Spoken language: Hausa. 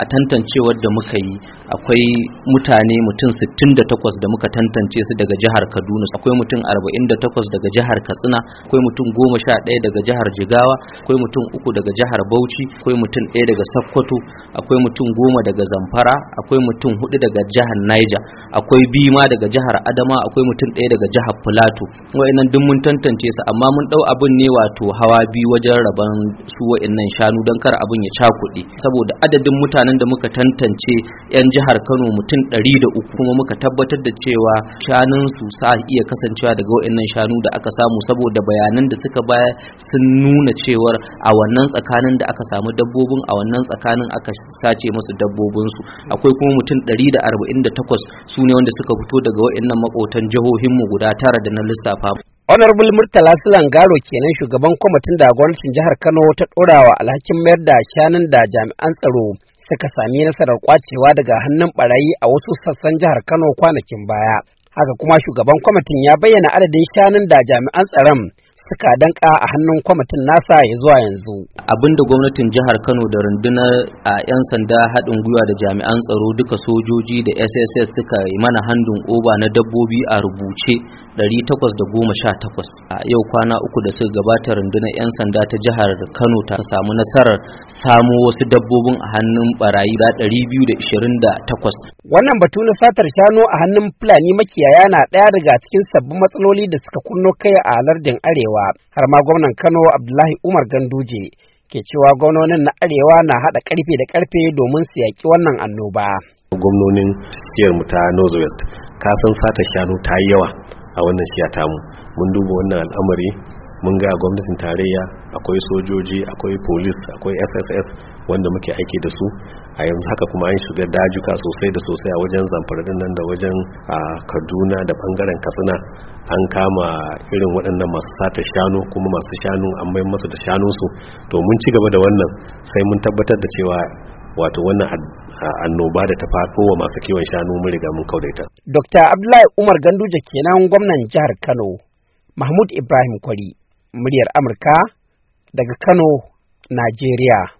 a tantancewar da muka yi akwai mutane mutum 68 da muka tantance su daga jihar Kaduna akwai mutum 48 daga jihar Katsina akwai mutum 11 daga jihar Jigawa akwai mutum 3 daga jihar Bauchi akwai mutum 1 daga Sokoto akwai mutum 10 daga Zamfara akwai mutum 4 daga jihar Niger akwai bima daga jihar Adama akwai mutum 1 daga jihar Plateau wa'annan duk mun tantance su amma mun dau abin ne wato hawa biyu wajen raban su wa'annan shanu don kar abin ya cakuɗe saboda adadin mutanen mutanen da muka tantance 'yan jihar kano mutum 300 kuma muka tabbatar da cewa shanunsu sa iya kasancewa daga wa'annan shanu da aka samu saboda bayanan da suka baya sun nuna cewar a wannan tsakanin da aka samu dabbobin a wannan tsakanin aka sace musu dabbobinsu akwai kuma mutum 148 su ne wanda suka fito daga wa'annan makotan jihohinmu guda tara da na lissafa honorable murtala silan garo kenan shugaban kwamitin da gwamnatin jihar kano ta ɗorawa alhakin mayar da shanun da jami'an tsaro suka sami nasarar kwacewa daga hannun barayi a wasu sassan jihar Kano kwanakin baya. Haka kuma shugaban kwamitin ya bayyana adadin shanun da jami'an tsaron suka danka a hannun kwamitin nasa ya zuwa yanzu abinda gwamnatin jihar Kano da rundunar a 'yan sanda haɗin gwiwa da jami'an tsaro duka sojoji da SSS suka yi mana handun oba na dabbobi a rubuce 818 a yau kwana uku da suka gabata rundunar 'yan sanda ta jihar Kano ta samu nasarar samo wasu dabbobin a hannun barayi da 228 wannan batu na satar shanu a hannun Fulani makiyaya na ɗaya daga cikin sabbin matsaloli da suka kunno kai a lardin Arewa arewa har ma gwamnan kano abdullahi umar ganduje ke cewa gwamnonin na arewa na haɗa karfe da karfe domin su yaki wannan annoba gwamnonin jihar mu ta northwest ka san sata shanu ta yi yawa a wannan shiya tamu mun duba wannan al'amari mun ga gwamnatin tarayya akwai sojoji akwai police akwai sss wanda muke aiki da su a yanzu haka kuma an shiga dajuka sosai da sosai a wajen zamfara nan da wajen a kaduna da bangaren katsina an kama irin waɗannan masu sata shanu kuma masu shanu an mai masu da shanunsu to mun ci gaba da wannan sai mun tabbatar da cewa wato wannan annoba da ta faɗo wa masu kiwon shanu mun riga mun kaudaita. Dr. Abdullahi Umar Ganduje kenan gwamnan jihar Kano, Mahmud Ibrahim Kwari, muryar Amurka daga Kano, Najeriya.